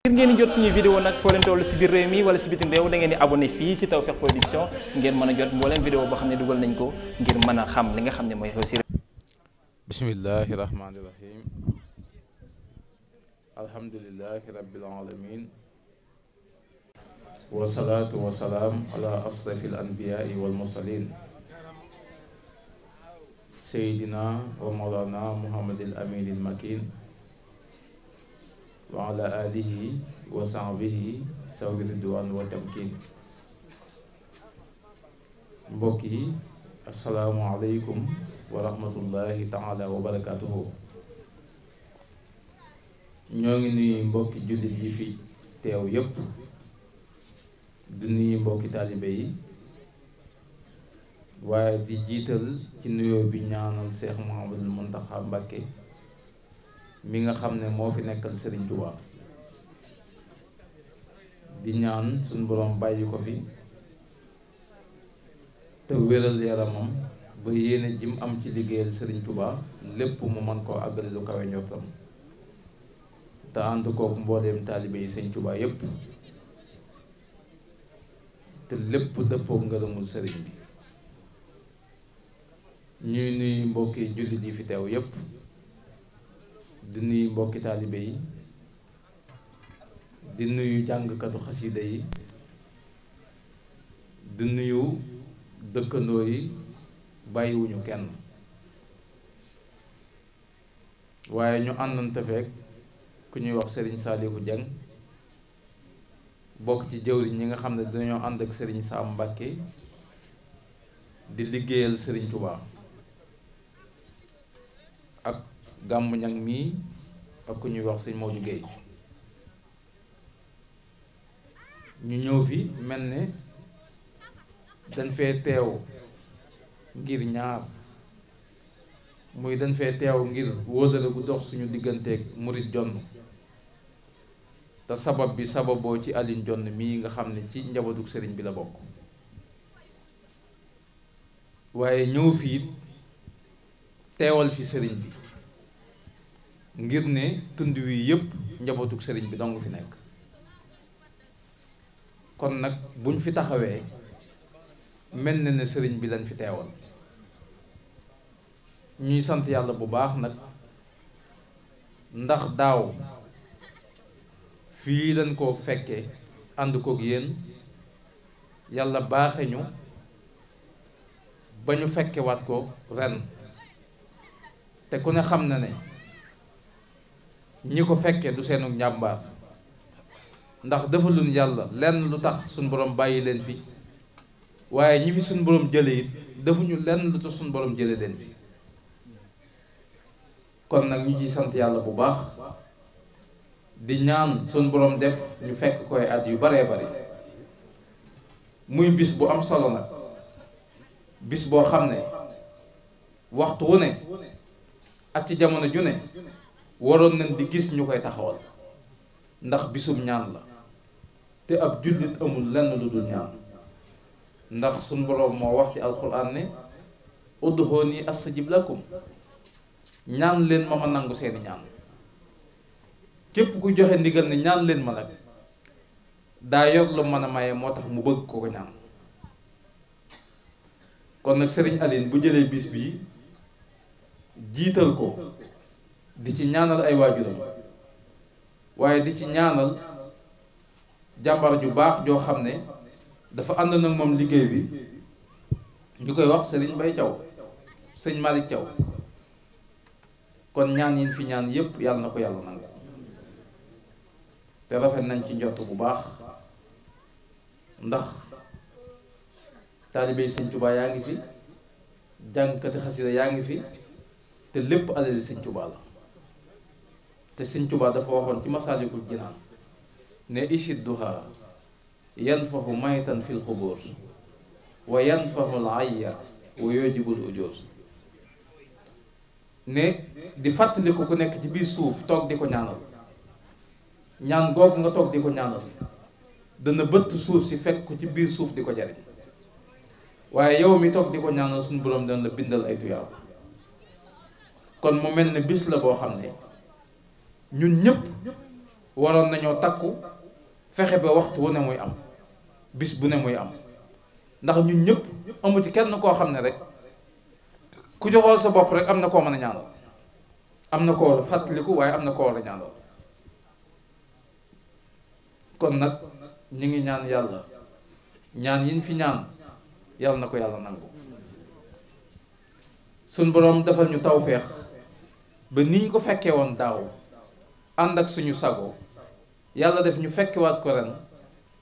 ngir ngeen jot suñuy vidéo nag foo leen toll si biir réew mi wala si bitim réew da ngeen di abonné fii si Tawfekh Production ngeen mën a jot mbooleem vidéo boo xam ne dugal nañ ko ngir mën a xam li nga xam ne mooy xew si réew bismillahi rahmani rahim alhamdulillahi rabbil alamin wa salaatu wa salaam wa ala alihi wa sahbihi sawi ridwan wa tamkin mbokk yi asalaamualeykum wa rahmatullahi taala wa barakatuhu ñoo ngi nuyu mbokki jullit yi fi teew yépp di nuyu mbokki taalibe yi waaye di jiital ci nuyoo bi ñaanal Cheikh Mouhamadul Mountakha Mbacké mi nga xam ne moo fi nekkal Serigne Touba di ñaan suñ borom bàyyi ko fi te wéral yaramam ba yéene ji am ci liggéeyal Serigne Touba lépp mu man koo àggale lu kawe njortam te ànd kook mbooleem taalibe yi Serigne Touba yépp te lépp dëppook ngërëmul sëriñ bi ñuy nuyu mbokki jullit yi fi teew yépp di yu mbokki taalibe yi di nuyu jàngkatu xasida yi di nuyu dëkkandoo yi bàyyiwuñu kenn waaye ñu àndante feek ku ñuy wax sëriñ Saalihu Jeng bokk ci jëwriñ ñi nga xam ne dinañoo ànd ak sëriñ Saam Mbàkke di liggéeyal sëriñ Tuubaa gàmmu ñag mii ak ku ñuy wax sëñ Modou Guèye ñu ñëw fi mel ne dañ fee teew ngir ñaar muy dañ fee teew ngir wóolale bu dox suñu digganteeg murit jonn te sabab bi sababoo ci alin jonn mii nga xam ne ci njabootu sëriñ bi la bokk waaye ñëw fi teewal fi sëriñ bi ngir ne tund wii yëpp njabootuk sëriñ bi dong fi nekk kon nag buñ fi taxawee mel na ne sëriñ bi lañ fi teewal ñuy sant yàlla bu baax nag ndax daaw fii lañ ko fekke ànd koog yéen yàlla baaxe ñu ba ñu fekkewaat ko ren te ku ne xam na ne ñi ko fekkee du seenu njàmbaar ndax defaluñ yàlla lenn lu tax suñ borom bàyyi leen fii waaye ñi fi suñ borom jële it defuñu lenn lu tax suñ borom jële leen fi kon nag ñu ji sant yàlla bu baax di ñaan suñ borom def ñu fekk koy at yu baree bari muy bis bu am solo nag bis boo xam ne waxtu wu ne ak ci jamono ju ne waroon nañ di gis ñu koy taxawal ndax bisum ñaan la te ab jullit amul lenn lu dul ñaan ndax suñ boroom moo wax ci alxuraan ne ud'uuni astajib lakum ñaan leen ma ma nangu seeni ñaan képp ku joxe ndigal ne ñaan leen ma nag daa yor lu mën a maye moo tax mu bëgg ko ko ñaan kon nag Serigne Aline bu jëlee bis bii jiital ko di ci ñaanal ay waajuram waaye di ci ñaanal jàmbar ju baax joo xam ne dafa ànd nag moom liggéey bi ñu koy wax sëriñ Bay Thiaw sëñ Malick caw kon ñaan yiñ fi ñaan yépp yàlla na ko yàlla nangu te rafet nañ ci njot bu baax ndax taalibey sëñ Tuubaa yaa ngi fi jàngkati xasida yaa ngi fi te lépp alali sëñ Tuubaa te sëñ Tuubaa dafa waxoon ci masaalikul jinaan ne isid duha yanfahu maytan fil xubur wa yanfahu al ayya wa yujibul ujur ne di fàttaliku ku nekk ci biir suuf toog di ko ñaanal ñaan googu nga toog di ko ñaanal dana bëtt suuf si fekk ko ci biir suuf di ko jariñ waaye yow mi toog di ko ñaanal suñu borom dana la bindal ay tuyaaba kon mu mel ne bis la boo xam ne ñun ñëpp waroon nañoo takku fexe ba waxtu wu ne muy am bis bu ne muy am ndax ñun ñëpp amu ci kenn koo xam ne rek ku joxool sa bopp rek am na koo mën a ñaanal am na koo war a waaye am na koo war a kon nag ñu ngi ñaan yàlla ñaan yiñ fi ñaan yàlla na ko yàlla nangu suñ boroom defal ñu tawféex ba niñ ko fekkee woon daaw ànd ak suñu sagoo yàlla def ñu fekkewaat ko ren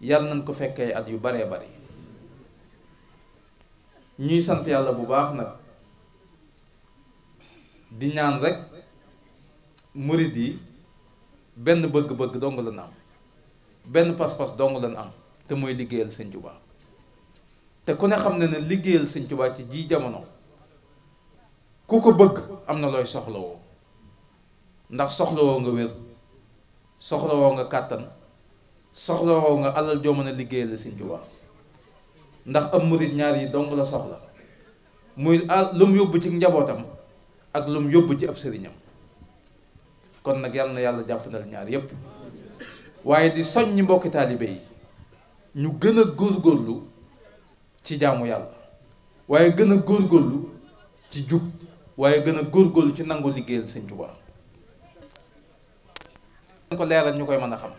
yàlla nañ ko fekkee at yu baree bari ñuy sant yàlla bu baax nag di ñaan rek murid yi benn bëgg-bëgg dong lan am benn pas-pas dong lan am te mooy liggéeyal sëñ te ku ne xam ne ne liggéeyal sëñ ci ji jamono ku ko bëgg am na looy soxlawoo ndax soxlawoo nga wér soxlawoo nga kàttan soxlawoo nga alal joo mën a liggéeyal Sëñ Tuubaa ndax am murit ñaar yi dong la soxla muy al lu yóbbu ci njabootam ak lu yóbbu ci ab sëriñam kon nag yàlla na yàlla jàppandal ñaar yépp waaye di soññ mbokki taalibe yi ñu gën a góor góorlu ci jaamu yàlla waaye gën a góorgóorlu ci jub waaye gën a góor góorgóorlu ci nangu liggéeyal Sëñ Tuubaa ko leeral ñu koy mën a xam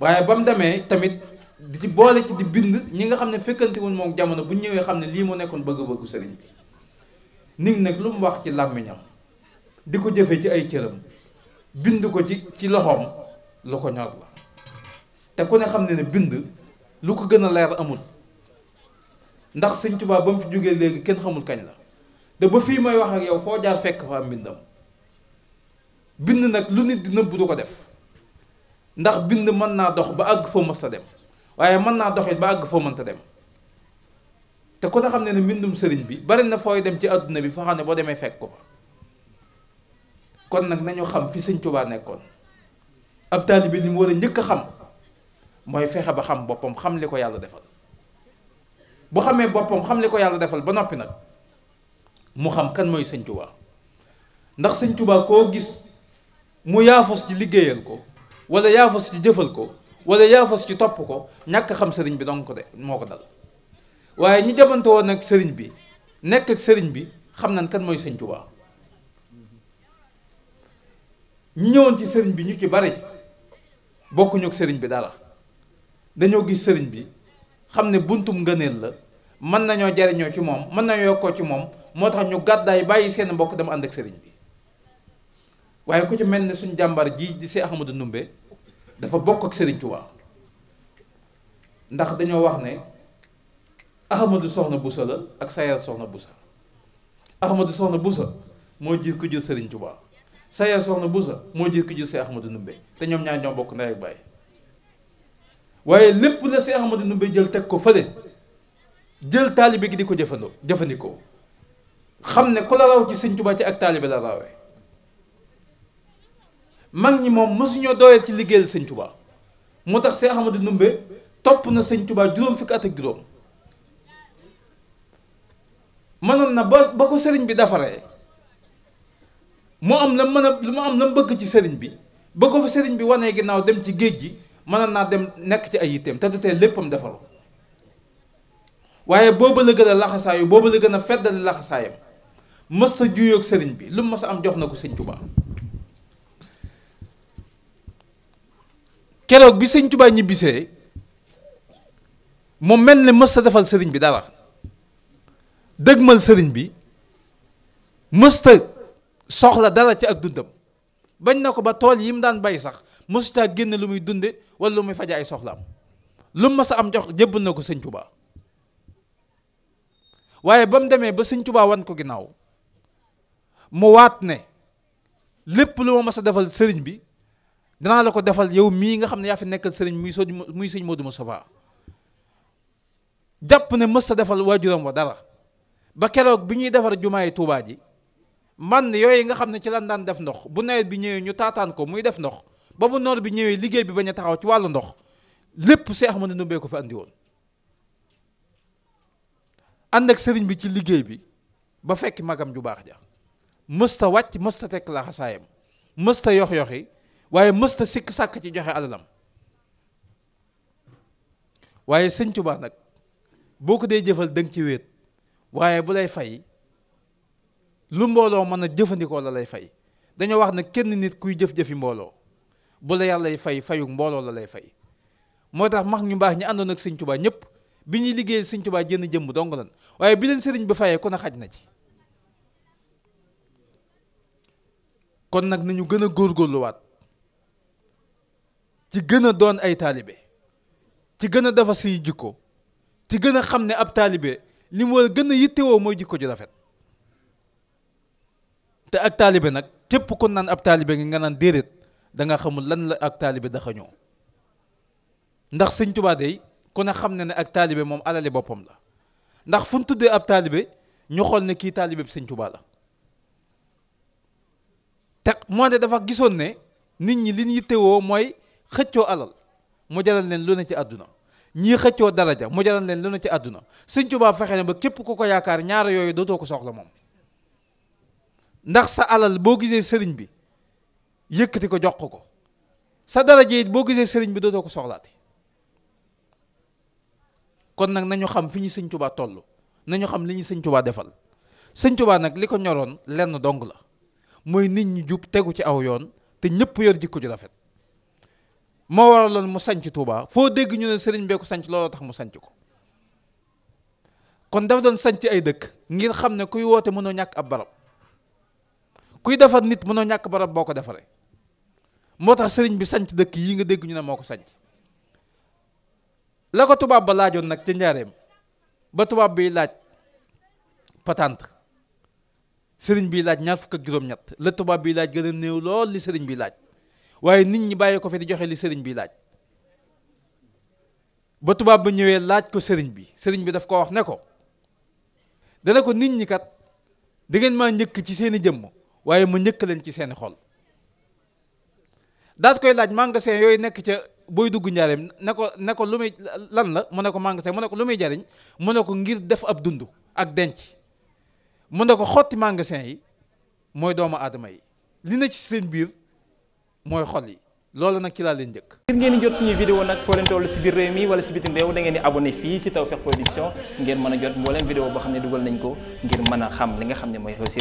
waaye ba mu demee tamit di ci boole ci di bind ñi nga xam ne fekkantewuñ moom jamono bu ñëwee xam ne lii mu nekkoon bëgg-bëggu sëriñ bi nit nag lu mu wax ci làmmiñam di ko jëfe ci ay cëram bind ko ci ci loxoom lu ko ñor la te ku ne xam ne ne bind lu ko gën a leer amul ndax sëñ tubaab ba mu jógee léegi kenn xamul kañ la te ba fii may wax ak yow foo jaar fekk fa am mbindam bind nag lu nit di nëbb du ko def ndax bind mën naa dox ba àgg foo mës a dem waaye mën naa doxit ba àgg foo mënta dem te kon ne xam ne ne mbindum sëriñ bi bari na fooy dem ci àdduna bi foo xam ne boo demee fekk ko kon nag nañu xam fi sëñ Tuubaa nekkoon ab taalibe li mu war a njëkk a xam mooy fexe ba xam boppam xam li ko yàlla defal bu xamee boppam xam li ko yàlla defal ba noppi nag mu xam kan mooy sëñ Tuubaa ndax sëñ Tuubaa koo gis mu yaafus ci liggéeyal ko wala yaafus ci jëfal ko wala yaafus ci topp ko ñàkk xam sëriñ bi donc de moo ko dal waaye ñi jamante woon ak sëriñ bi nekk ak sëriñ bi xam nañ kan mooy sëñ Tuubaa ñi ñëwoon ci sëriñ bi ñu ci bari bokkuñu sëriñ bi dara dañoo gis sëriñ bi xam ne buntum ngëneel la mën nañoo jariñoo ci moom mën nañoo yokkoo ci moom moo tax ñu gàddaay bàyyi seen mbokk dem ànd ak sëriñ bi waaye ku ci mel ne suñ jàmbaar ji di see Ahmadou Ndumbe dafa bokk ak Serigne Touba ndax dañoo wax ne Ahmadou Soxna Boussa la ak Sayar Soxna Boussa Ahmadou Soxna Boussa moo jur ku jur Serigne Touba Sayar Soxna Boussa moo jur ku jur see Ahmadou Ndumbe te ñoom ñaar ñoo bokk ndey ak baay waaye lépp la see Ahmadou Ndumbe jël teg ko fële jël taalibe gi di ko jëfandoo jëfandikoo xam ne ko la raw ci Serigne Touba ci ak taalibe la raawee. mag ñi moom mësuñoo doyal ci liggéeyal sëñ Touba moo tax Cheikh Ahmadou Ndoumbé topp na sëñ Touba juróom fukki at ak juróom mënoon na ba ba sëriñ bi defaree mu am la mën a mu am la mu bëgg ci sëriñ bi ba ko fa sëriñ bi wanee ginnaaw dem ci géej gi mënoon naa dem nekk ci ay yitteem te du tee léppam defaru waaye booba la gën a laxasaayu booba la gën a feddali laxasaayam mës sa juyoog sëriñ bi lu mu mës am jox na ko sëñ Touba. keroog bi sëñ Tuubaa ñibbisee mu mel ne mësta defal sëriñ bi dara dëgmal sëriñ bi mësta soxla dara ci ak dundam bañ na ko ba tool yi mu daan bay sax mësutaa génne lu muy dunde wala lu muy faje ay soxlaam lu mu mës a am jox jébbal na ko sëñ Tuubaa waaye ba mu demee ba sëñ Tuubaa wan ko ginnaaw mu waat ne lépp lu ma mës a defal sëriñ bi danaa la ko defal yow mii nga xam ne yaa fi nekkal sëriñ muy soo muy sëñ Modou Moustapha jàpp ne mës sa defal waajuram wa dara ba keroog bi ñuy defar jumaay Touba ji man yooyu nga xam ne ci lan daan def ndox bu nawet bi ñëwee ñu taataan ko muy def ndox ba bu noor bi ñëwee liggéey bi bañ a taxaw ci wàllu ndox lépp Seex Ahmadu Ndumbe ko fi andi woon ànd ak sëriñ bi ci liggéey bi ba fekk magam ju baax ja mës ta wàcc mësta ta tekk la xasaayam mës ta yox-yoxi waaye mësta sikk sàkk ci joxe alalam waaye sëñ Tuubaa nag boo ko dee jëfal dëng ci wéet waaye bu lay fay lu mbooloo mën a jëfandikoo la lay fay dañoo wax ne kenn nit kuy jëf-jëfi mbooloo bu la yàlla fay fayu mbooloo la lay fay moo tax max ñu mbaax ñi àndoon ak sëñ Tuubaa ñëpp bi ñuy liggéey sëñ Tuubaa jënd jëmm dong lan waaye bi leen sëriñ bi fayee kon a xaj na ci kon nag nañu gën a góorluwaat ci gën a doon ay taalibe ci gën a dafa siy jikko ci gën a xam ne ab taalibe li mu war a gën a yittewoo mooy jikko ju rafet te ak taalibe nag képp ku naan ab taalibe ngi nga naan déedéet danga xamul lan la ak taalibe daxa ñëw ndax sëñ Tuubaa day ku ne xam ne ne ak taalibe moom alali boppam la ndax fu ñu tuddee ab taalibe ñu xool ne kii taalibe bi sëñ la te moo de dafa gisoon ne nit ñi li ñu yittewoo mooy xëccoo alal mu jaral leen lu ne ci àdduna ñii xëccoo daraja mu jaral leen lu ci àdduna sëñ Tuubaa fexe na ba képp ku ko yaakaar ñaar yooyu dootoo ko soxla moom ndax sa alal boo gisee sëriñ bi yëkkati ko jox ko sa daraja it boo gisee sëriñ bi dootoo ko soxlaati kon nag nañu xam fi ñu sëñ Tuubaa toll nañu xam li ñu sëñ Tuubaa defal sëñ Tuubaa nag li ko ñoroon lenn dong la mooy nit ñi jub tegu ci aw yoon te ñëpp yor jikko ju rafet moo waraloon mu sanc Touba foo dégg ñu ne sëriñ bee ko sanc looloo tax mu sanc ko kon dafa doon sanc ay dëkk ngir xam ne kuy woote mënoo ñàkk ab barab kuy defar nit mënoo ñàkk barab boo ko defaree moo tax sëriñ bi sañc dëkk yi nga dégg ñu ne moo ko sañc la ko tubaab ba laajoon nag ca njaareem ba tubaab biy laaj patente sëriñ biy laaj ñaar fukk ak juróom-ñett la tubaab bii laaj gën a néew lool li sëriñ bi laaj waaye nit ñi bàyyi ko fi di joxe li sëriñ bi laaj ba tubaab ba ñëwee laaj ko sëriñ bi sëriñ bi daf ko wax ne ko dana ko nit ñi kat da ngeen maa njëkk ci seeni jëmm waaye ma njëkk leen ci seeni xol daat koy laaj magasin yooyu nekk ca booy dugg njaareem ne ko ne ko lu muy lan la mu ne ko magasin mu ne ko lu muy jariñ mu ne ko ngir def ab dund ak denc mu ne ko xotti magasin yi mooy doomu aadama yi li na ci seen biir mooy xol yi loolu nag ci laa leen njëkk. ngir ngeen di jot suñuy vidéo nag foo leen toll si biir réew mi wala si bitim réew da ngeen di abonné fii si Tawfekh Production ngeen mën a jot mboolem vidéo boo xam ne dugal nañ ko ngir mën a xam li nga xam ne mooy réussir.